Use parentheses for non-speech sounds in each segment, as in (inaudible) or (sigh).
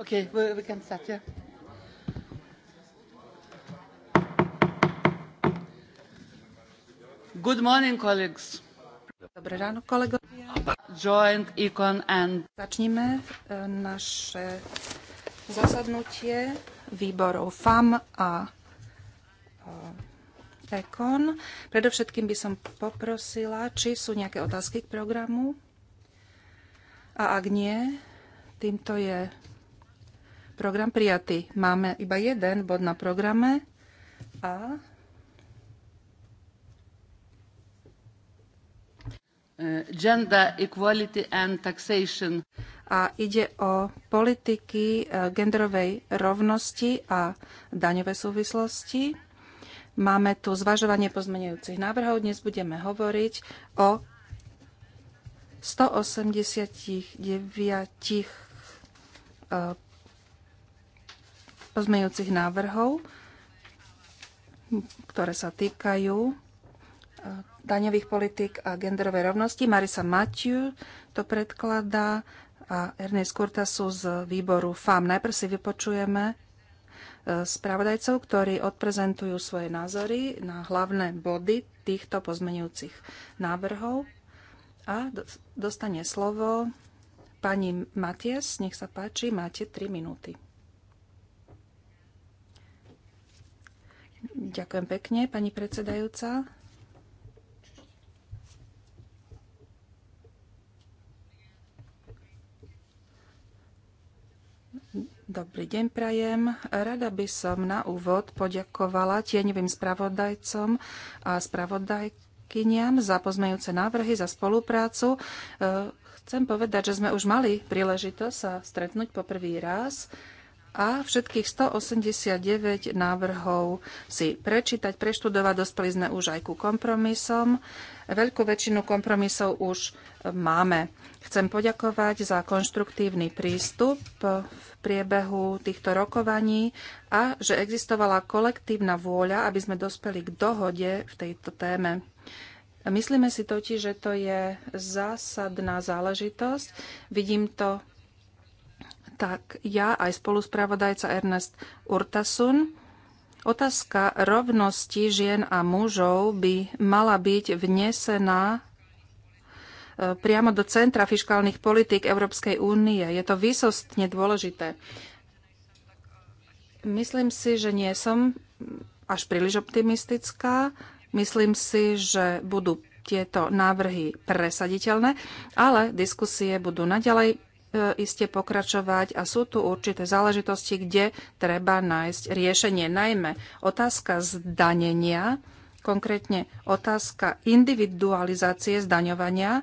Okay, we, we can start, yeah. Good morning, colleagues. Dobré ráno, kolegovia. Joint Econ and... Začníme e, naše zasadnutie výborov FAM a e, Econ. Predovšetkým by som poprosila, či sú nejaké otázky k programu. A ak nie, týmto je Program prijatý. Máme iba jeden bod na programe a... Eh, gender Equality and Taxation. A ide o politiky eh, genderovej rovnosti a daňové súvislosti. Máme tu zvažovanie pozmeňujúcich návrhov. Dnes budeme hovoriť o 189 pozmejúcich návrhov, ktoré sa týkajú e, daňových politik a genderovej rovnosti. Marisa Matiu to predkladá a Ernest Kurtasu z výboru FAM. Najprv si vypočujeme e, spravodajcov, ktorí odprezentujú svoje názory na hlavné body týchto pozmeňujúcich návrhov. A dostane slovo pani Maties. Nech sa páči, máte 3 minúty. Ďakujem pekne, pani predsedajúca. Dobrý deň, Prajem. Rada by som na úvod poďakovala tieňovým spravodajcom a spravodajkyniam za pozmejúce návrhy, za spoluprácu. Chcem povedať, že sme už mali príležitosť sa stretnúť po prvý raz a všetkých 189 návrhov si prečítať, preštudovať. Dospeli sme už aj ku kompromisom. Veľkú väčšinu kompromisov už máme. Chcem poďakovať za konštruktívny prístup v priebehu týchto rokovaní a že existovala kolektívna vôľa, aby sme dospeli k dohode v tejto téme. Myslíme si totiž, že to je zásadná záležitosť. Vidím to tak ja aj spoluspravodajca Ernest Urtasun. Otázka rovnosti žien a mužov by mala byť vnesená e, priamo do centra fiškálnych politík Európskej únie. Je to výsostne dôležité. Myslím si, že nie som až príliš optimistická. Myslím si, že budú tieto návrhy presaditeľné, ale diskusie budú naďalej E, iste pokračovať a sú tu určité záležitosti, kde treba nájsť riešenie. Najmä otázka zdanenia, konkrétne otázka individualizácie zdaňovania. E,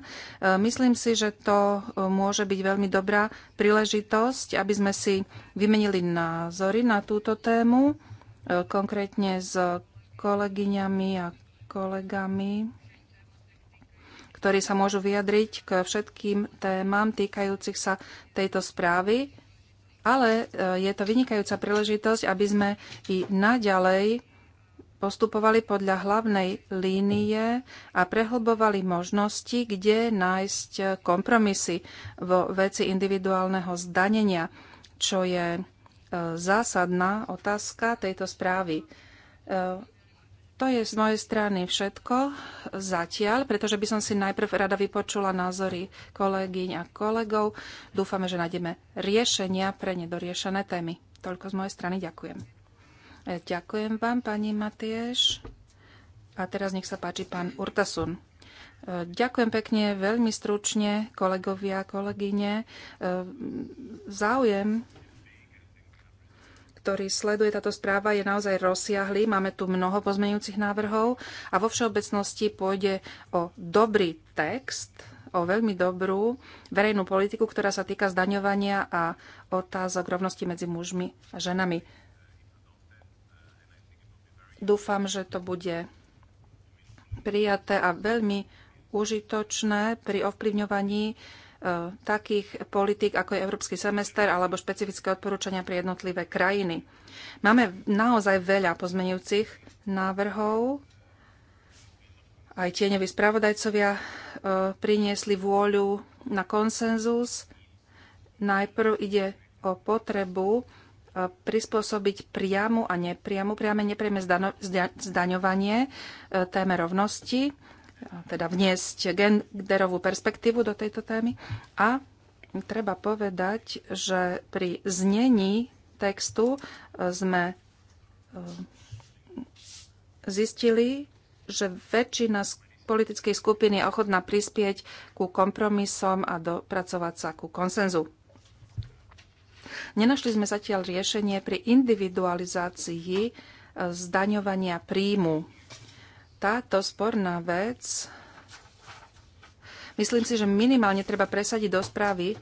myslím si, že to e, môže byť veľmi dobrá príležitosť, aby sme si vymenili názory na túto tému, konkrétne s kolegyňami a kolegami ktorí sa môžu vyjadriť k všetkým témam týkajúcich sa tejto správy, ale e, je to vynikajúca príležitosť, aby sme i naďalej postupovali podľa hlavnej línie a prehlbovali možnosti, kde nájsť kompromisy vo veci individuálneho zdanenia, čo je e, zásadná otázka tejto správy. E, to je z mojej strany všetko zatiaľ, pretože by som si najprv rada vypočula názory kolegyň a kolegov. Dúfame, že nájdeme riešenia pre nedoriešené témy. Toľko z mojej strany ďakujem. E, ďakujem vám, pani Matieš. A teraz nech sa páči pán Urtasun. E, ďakujem pekne, veľmi stručne, kolegovia, kolegyne. E, záujem ktorý sleduje táto správa, je naozaj rozsiahlý. Máme tu mnoho pozmeňujúcich návrhov a vo všeobecnosti pôjde o dobrý text, o veľmi dobrú verejnú politiku, ktorá sa týka zdaňovania a otázok rovnosti medzi mužmi a ženami. Dúfam, že to bude prijaté a veľmi užitočné pri ovplyvňovaní E, takých politik, ako je Európsky semester alebo špecifické odporúčania pre jednotlivé krajiny. Máme naozaj veľa pozmenujúcich návrhov. Aj tieňoví spravodajcovia e, priniesli vôľu na konsenzus. Najprv ide o potrebu e, prispôsobiť priamu a nepriamu, priame nepriame zdaňovanie téme rovnosti teda vniesť genderovú perspektívu do tejto témy. A treba povedať, že pri znení textu e, sme e, zistili, že väčšina politických skupiny je ochotná prispieť ku kompromisom a dopracovať sa ku konsenzu. Nenašli sme zatiaľ riešenie pri individualizácii e, zdaňovania príjmu táto sporná vec, myslím si, že minimálne treba presadiť do správy e,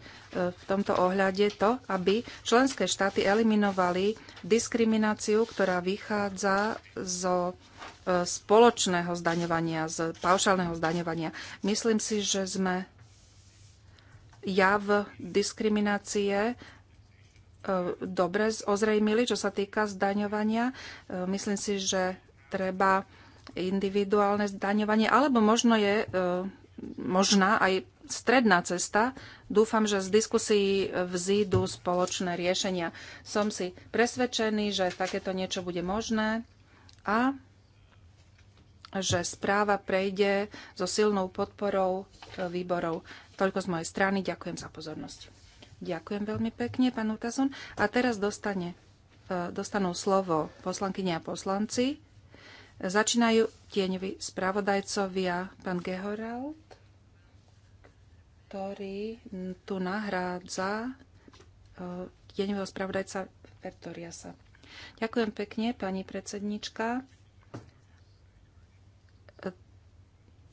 v tomto ohľade to, aby členské štáty eliminovali diskrimináciu, ktorá vychádza zo e, spoločného zdaňovania, z paušálneho zdaňovania. Myslím si, že sme jav diskriminácie e, dobre ozrejmili, čo sa týka zdaňovania. Myslím si, že treba individuálne zdaňovanie, alebo možno je e, možná aj stredná cesta. Dúfam, že z diskusí vzídu spoločné riešenia. Som si presvedčený, že takéto niečo bude možné a že správa prejde so silnou podporou e, výborov. Toľko z mojej strany. Ďakujem za pozornosť. Ďakujem veľmi pekne, pán Utason. A teraz dostane, e, dostanú slovo poslankyne a poslanci. Začínajú tieňoví spravodajcovia pán Gehorald, ktorý tu nahrádza e, tieňového spravodajca Vertoriasa. Ďakujem pekne, pani predsednička. E,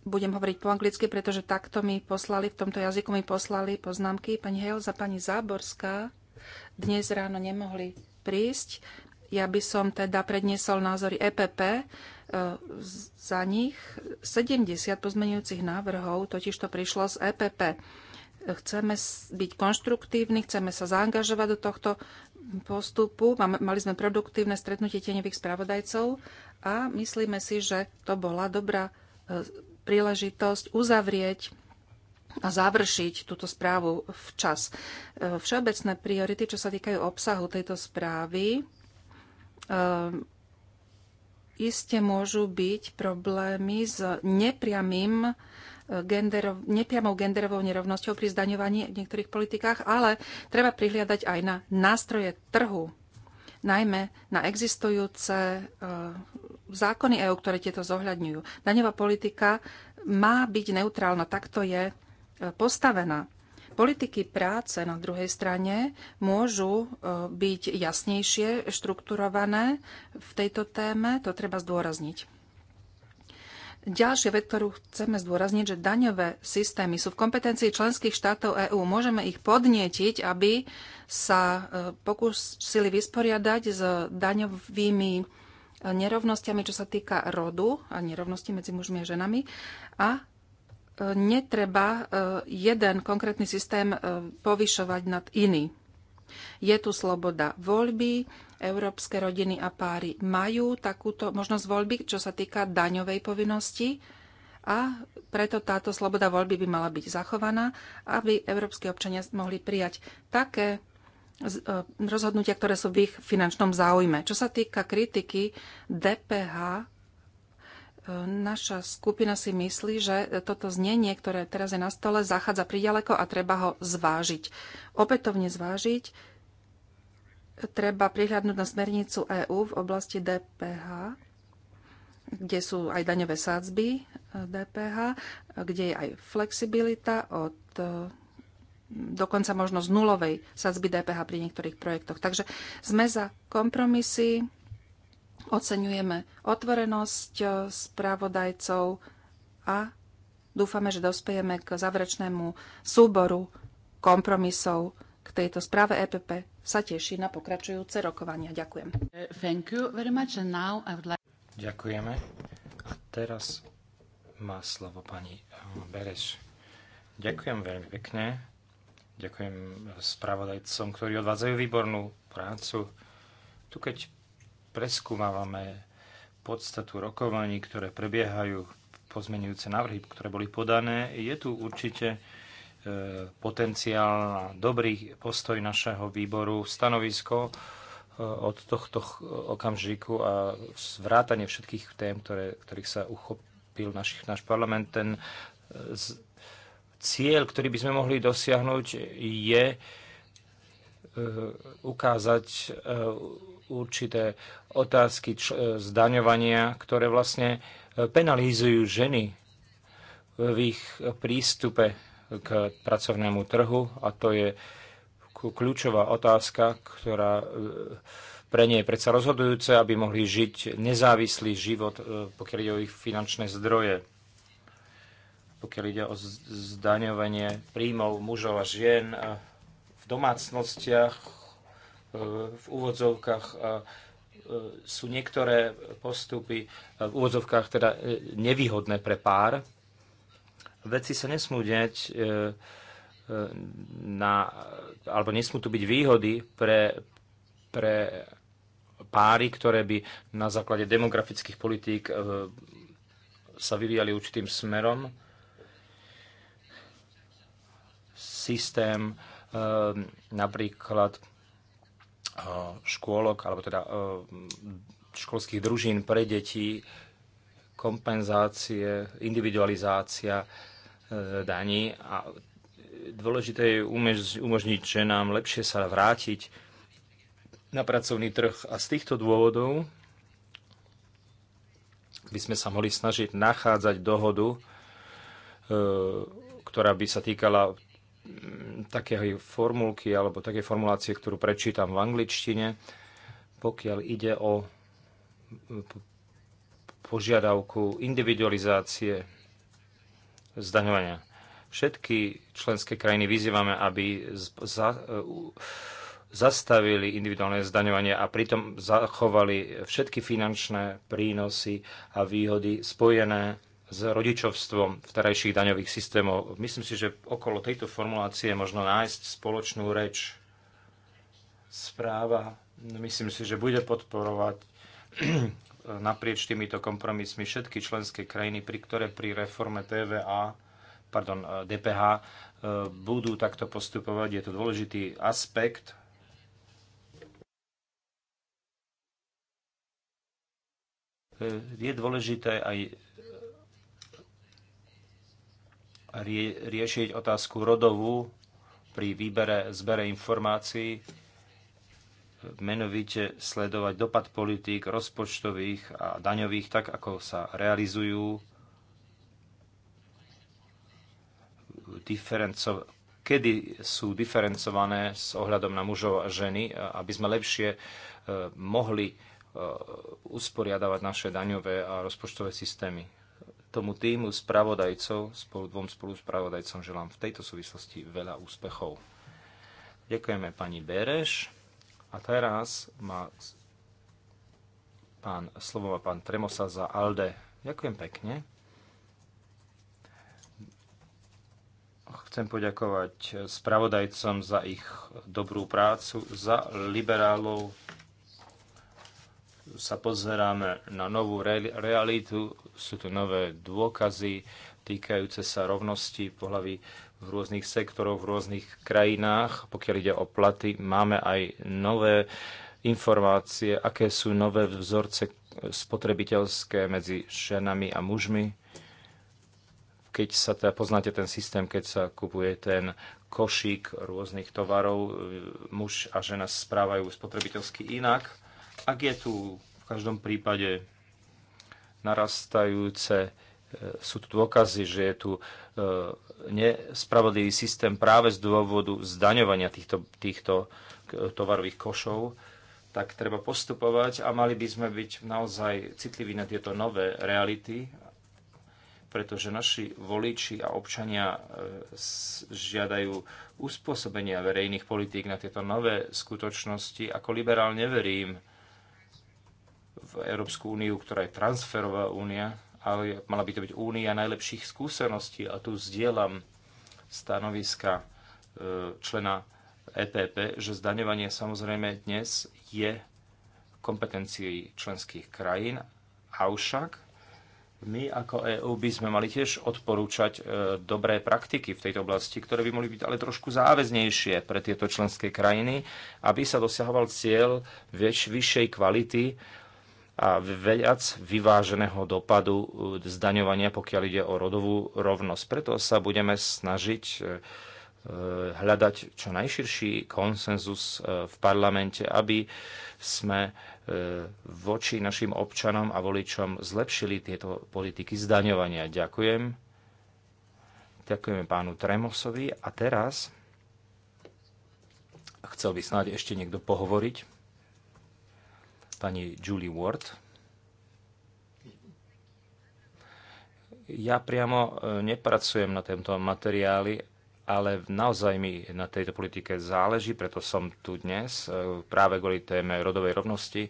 budem hovoriť po anglicky, pretože takto mi poslali, v tomto jazyku mi poslali poznámky. Pani a pani Záborská dnes ráno nemohli prísť ja by som teda predniesol názory EPP e, za nich. 70 pozmenujúcich návrhov totiž to prišlo z EPP. Chceme byť konštruktívni, chceme sa zaangažovať do tohto postupu. Mali sme produktívne stretnutie tieňových spravodajcov a myslíme si, že to bola dobrá e, príležitosť uzavrieť a završiť túto správu včas. E, všeobecné priority, čo sa týkajú obsahu tejto správy, Ehm, iste môžu byť problémy s nepriamým eh, genderov, nepriamou genderovou nerovnosťou pri zdaňovaní v niektorých politikách, ale treba prihliadať aj na nástroje trhu, najmä na existujúce eh, zákony EÚ, ktoré tieto zohľadňujú. Daňová politika má byť neutrálna, takto je eh, postavená. Politiky práce na druhej strane môžu e, byť jasnejšie štrukturované v tejto téme, to treba zdôrazniť. Ďalšia vec, ktorú chceme zdôrazniť, že daňové systémy sú v kompetencii členských štátov EÚ. Môžeme ich podnietiť, aby sa e, pokúsili vysporiadať s daňovými e, nerovnostiami, čo sa týka rodu a nerovnosti medzi mužmi a ženami a netreba e, jeden konkrétny systém e, povyšovať nad iný. Je tu sloboda voľby, európske rodiny a páry majú takúto možnosť voľby, čo sa týka daňovej povinnosti a preto táto sloboda voľby by mala byť zachovaná, aby európske občania mohli prijať také e, rozhodnutia, ktoré sú v ich finančnom záujme. Čo sa týka kritiky DPH Naša skupina si myslí, že toto znenie, ktoré teraz je na stole, zachádza priďaleko a treba ho zvážiť. Opätovne zvážiť treba prihľadnúť na smernicu EÚ v oblasti DPH, kde sú aj daňové sádzby e, DPH, kde je aj flexibilita od e, dokonca možno z nulovej sadzby DPH pri niektorých projektoch. Takže sme za kompromisy, Oceňujeme otvorenosť eh, spravodajcov a dúfame, že dospejeme k záverečnému súboru kompromisov k tejto správe EPP sa teší na pokračujúce rokovania. Ďakujem. Like... Ďakujeme. A teraz má slovo pani eh, Bereš. Ďakujem veľmi pekne. Ďakujem eh, spravodajcom, ktorí odvádzajú výbornú prácu. Tu keď preskúmavame podstatu rokovaní, ktoré prebiehajú, pozmenujúce návrhy, ktoré boli podané, je tu určite e, potenciál, dobrý postoj našeho výboru, stanovisko e, od tohto okamžiku a zvrátanie všetkých tém, ktoré, ktorých sa uchopil našich, náš parlament. Ten e, z, cieľ, ktorý by sme mohli dosiahnuť, je Eh, ukázať eh, určité otázky eh, zdaňovania, ktoré vlastne penalizujú ženy v ich prístupe k pracovnému trhu a to je kľúčová otázka, ktorá pre nie je predsa rozhodujúce, aby mohli žiť nezávislý život, pokiaľ ide o ich finančné zdroje. Pokiaľ ide o zdaňovanie príjmov mužov a žien, a v domácnostiach, e, v úvodzovkách e, sú niektoré postupy e, v úvodzovkách teda nevýhodné pre pár. Veci sa nesmú deť na, alebo nesmú tu byť výhody pre, pre páry, ktoré by na základe demografických politík sa vyvíjali určitým smerom. Systém Ehm, napríklad eh, škôlok, alebo teda eh, školských družín pre deti, kompenzácie, individualizácia eh, daní a dôležité je umožniť ženám lepšie sa vrátiť na pracovný trh a z týchto dôvodov by sme sa mohli snažiť nachádzať dohodu, ktorá by sa týkala mm, také formulky alebo také formulácie, ktorú prečítam v angličtine, pokiaľ ide o požiadavku individualizácie zdaňovania. Všetky členské krajiny vyzývame, aby za, zastavili individuálne zdaňovanie a pritom zachovali všetky finančné prínosy a výhody spojené s rodičovstvom terajších daňových systémov. Myslím si, že okolo tejto formulácie možno nájsť spoločnú reč. Správa, myslím si, že bude podporovať (clears throat) naprieč týmito kompromismi všetky členské krajiny, pri ktoré pri reforme TVA, pardon, DPH eh, eh, budú takto postupovať. Je to dôležitý aspekt eh, je dôležité aj rie- riešiť otázku rodovú pri výbere, zbere informácií, menovite sledovať dopad politík, rozpočtových a daňových, tak ako sa realizujú, diferenco- kedy sú diferencované s ohľadom na mužov a ženy, aby sme lepšie e, mohli e, usporiadavať naše daňové a rozpočtové systémy tomu týmu spravodajcov, spolu dvom spravodajcom želám v tejto súvislosti veľa úspechov. Ďakujeme pani Bereš. A teraz má pán, slovo pán Tremosa za Alde. Ďakujem pekne. Chcem poďakovať spravodajcom za ich dobrú prácu, za liberálov sa pozeráme na novú realitu, sú tu nové dôkazy týkajúce sa rovnosti pohľavy v rôznych sektoroch, v rôznych krajinách. Pokiaľ ide o platy, máme aj nové informácie, aké sú nové vzorce spotrebiteľské medzi ženami a mužmi. Keď sa teda poznáte ten systém, keď sa kupuje ten košík rôznych tovarov, muž a žena správajú spotrebiteľsky inak ak je tu v každom prípade narastajúce, e, sú tu dôkazy, že je tu e, nespravodlivý systém práve z dôvodu zdaňovania týchto, týchto tovarových košov, tak treba postupovať a mali by sme byť naozaj citliví na tieto nové reality, pretože naši voliči a občania e, žiadajú uspôsobenia verejných politík na tieto nové skutočnosti. Ako liberál neverím, v Európsku úniu, ktorá je transferová únia, ale mala by to byť únia najlepších skúseností a tu zdieľam stanoviska e, člena EPP, že zdaňovanie samozrejme dnes je kompetencií členských krajín, avšak my ako EÚ by sme mali tiež odporúčať e, dobré praktiky v tejto oblasti, ktoré by mohli byť ale trošku záväznejšie pre tieto členské krajiny, aby sa dosahoval cieľ väč- vyššej kvality a veľac vyváženého dopadu e, zdaňovania, pokiaľ ide o rodovú rovnosť. Preto sa budeme snažiť e, hľadať čo najširší konsenzus e, v parlamente, aby sme voči našim občanom a voličom zlepšili tieto politiky zdaňovania. Ďakujem. Ďakujeme pánu Tremosovi. A teraz chcel by snáď ešte niekto pohovoriť pani Julie Ward. Ja priamo e, nepracujem na tomto materiáli, ale naozaj mi na tejto politike záleží, preto som tu dnes, e, práve kvôli téme rodovej rovnosti.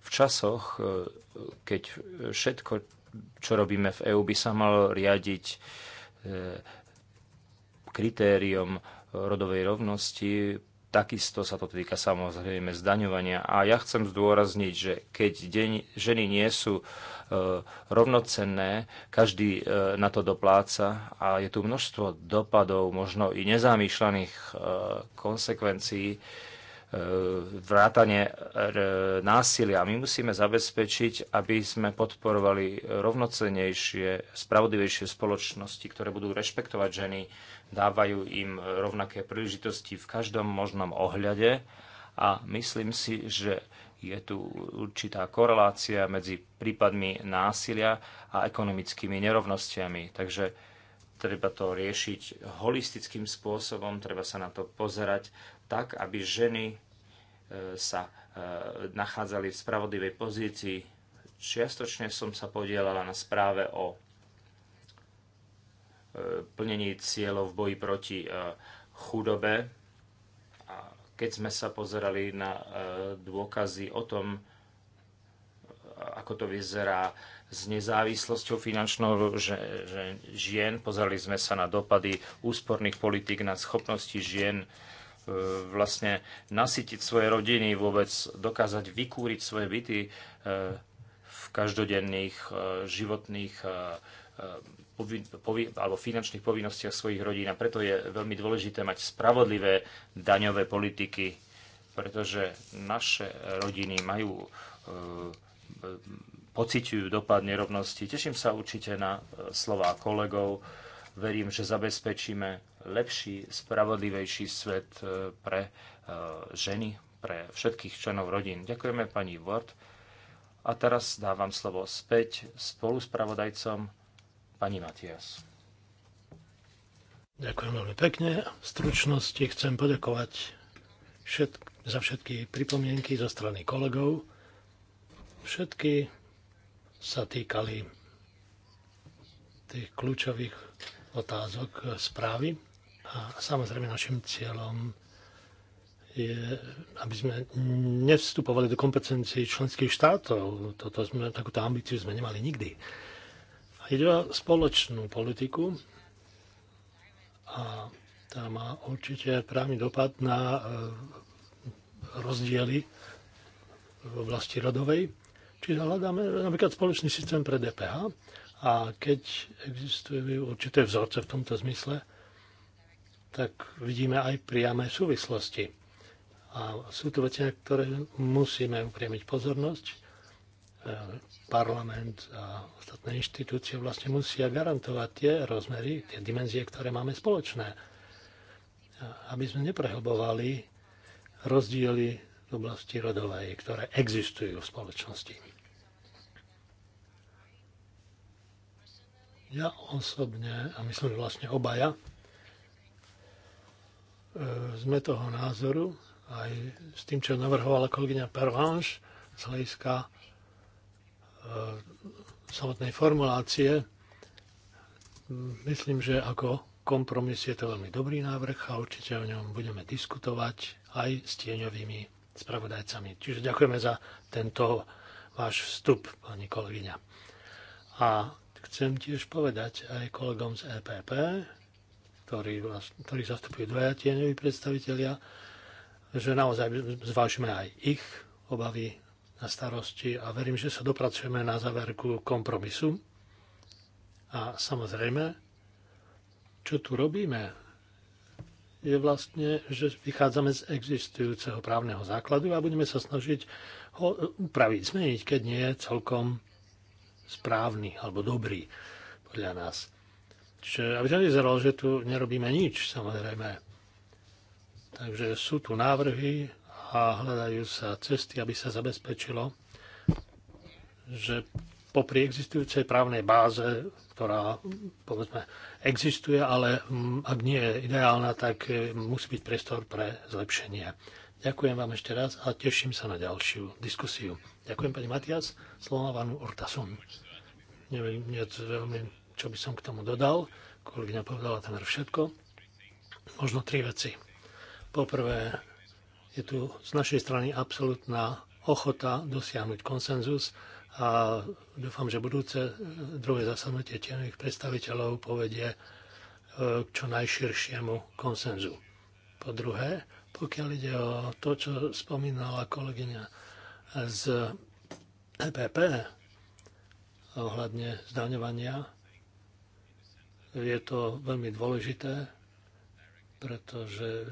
V časoch, e, keď všetko, čo robíme v EÚ, by sa malo riadiť kritériom rodovej rovnosti, Takisto sa to týka samozrejme zdaňovania. A ja chcem zdôrazniť, že keď deň, ženy nie sú e, rovnocenné, každý e, na to dopláca a je tu množstvo dopadov, možno i nezamýšľaných e, konsekvencií, e, vrátanie násilia. My musíme zabezpečiť, aby sme podporovali rovnocenejšie, spravodlivejšie spoločnosti, ktoré budú rešpektovať ženy, dávajú im rovnaké príležitosti v každom možnom ohľade a myslím si, že je tu určitá korelácia medzi prípadmi násilia a ekonomickými nerovnostiami. Takže treba to riešiť holistickým spôsobom, treba sa na to pozerať tak, aby ženy sa e, nachádzali v spravodlivej pozícii. Čiastočne som sa podielala na správe o e, plnení cieľov v boji proti e, chudobe. A keď sme sa pozerali na dôkazy o tom, ako to vyzerá s nezávislosťou finančnou že, že žien, pozerali sme sa na dopady úsporných politik na schopnosti žien E, vlastne nasytiť svoje rodiny, vôbec dokázať vykúriť svoje byty e, v každodenných e, životných alebo finančných povinnostiach svojich rodín. A preto je veľmi dôležité mať spravodlivé daňové politiky, pretože naše rodiny majú pociťujú dopad nerovnosti. Teším sa určite na slova kolegov. Verím, že zabezpečíme lepší, spravodlivejší svet e, pre e, ženy, pre všetkých členov rodín. Ďakujeme pani Ward. A teraz dávam slovo späť spolu s pravodajcom pani Matias. Ďakujem veľmi pekne. V stručnosti chcem poďakovať všetk- za všetky pripomienky zo strany kolegov. Všetky sa týkali tých kľúčových otázok správy. A samozrejme našim cieľom je, aby sme nevstupovali do kompetencií členských štátov. Toto sme, takúto ambíciu sme nemali nikdy. A ide o spoločnú politiku a tá má určite právny dopad na e, rozdiely v oblasti rodovej. Čiže hľadáme napríklad spoločný systém pre DPH a keď existujú určité vzorce v tomto zmysle, tak vidíme aj priame súvislosti. A sú to veci, na ktoré musíme upriamiť pozornosť. E, parlament a ostatné inštitúcie vlastne musia garantovať tie rozmery, tie dimenzie, ktoré máme spoločné. Aby sme neprehlbovali rozdiely v oblasti rodovej, ktoré existujú v spoločnosti. Ja osobne, a myslím, že vlastne obaja, E, sme toho názoru, aj s tým, čo navrhovala kolegyňa Pervanš z hľadiska e, samotnej formulácie, myslím, že ako kompromis je to veľmi dobrý návrh a určite o ňom budeme diskutovať aj s tieňovými spravodajcami. Čiže ďakujeme za tento váš vstup, pani kolegyňa. A chcem tiež povedať aj kolegom z EPP, ktorý, ktorý zastupujú dvaja tieňoví predstavitelia, že naozaj zvážime aj ich obavy a starosti a verím, že sa dopracujeme na záverku kompromisu. A samozrejme, čo tu robíme, je vlastne, že vychádzame z existujúceho právneho základu a budeme sa snažiť ho upraviť, zmeniť, keď nie je celkom správny alebo dobrý podľa nás. Čiže aby to vyzeralo, že tu nerobíme nič, samozrejme. Takže sú tu návrhy a hľadajú sa cesty, aby sa zabezpečilo, že popri existujúcej právnej báze, ktorá povedzme existuje, ale ak nie je ideálna, tak e, musí byť priestor pre zlepšenie. Ďakujem vám ešte raz a teším sa na ďalšiu diskusiu. Ďakujem pani Matias, slovo vám Urtasom. Neviem, nie veľmi čo by som k tomu dodal. Kolegyňa povedala tam všetko. Možno tri veci. Poprvé, je tu z našej strany absolútna ochota dosiahnuť konsenzus a dúfam, že budúce e, druhé zasadnutie tieňových predstaviteľov povedie e, k čo najširšiemu konsenzu. Po druhé, pokiaľ ide o to, čo spomínala kolegyňa z EPP ohľadne zdaňovania je to veľmi dôležité, pretože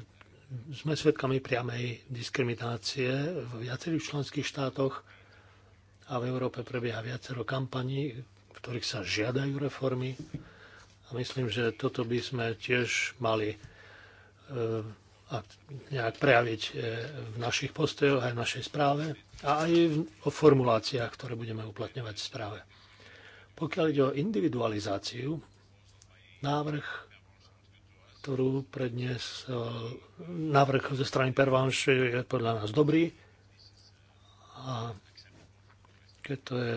sme svedkami priamej diskriminácie v viacerých členských štátoch a v Európe prebieha viacero kampaní, v ktorých sa žiadajú reformy. A myslím, že toto by sme tiež mali e, a nejak prejaviť e, v našich postojoch aj v našej správe a aj o formuláciách, ktoré budeme uplatňovať v správe. Pokiaľ ide o individualizáciu, návrh, ktorú prednes e, návrh ze strany Pervanš je podľa nás dobrý a keď to je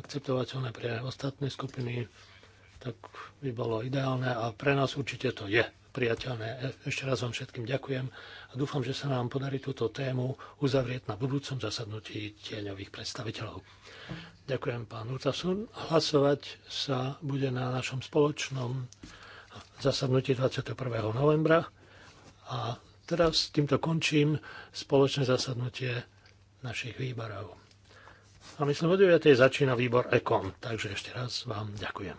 akceptovateľné pre ostatné skupiny, tak by bolo ideálne a pre nás určite to je priateľné. E, ešte raz vám všetkým ďakujem a dúfam, že sa nám podarí túto tému uzavrieť na budúcom zasadnutí tieňových predstaviteľov. Ďakujem pán Urtasun. Hlasovať sa bude na našom spoločnom zasadnutí 21. novembra a teraz týmto končím spoločné zasadnutie našich výborov. A myslím, o 9. začína výbor EKOM, takže ešte raz vám ďakujem.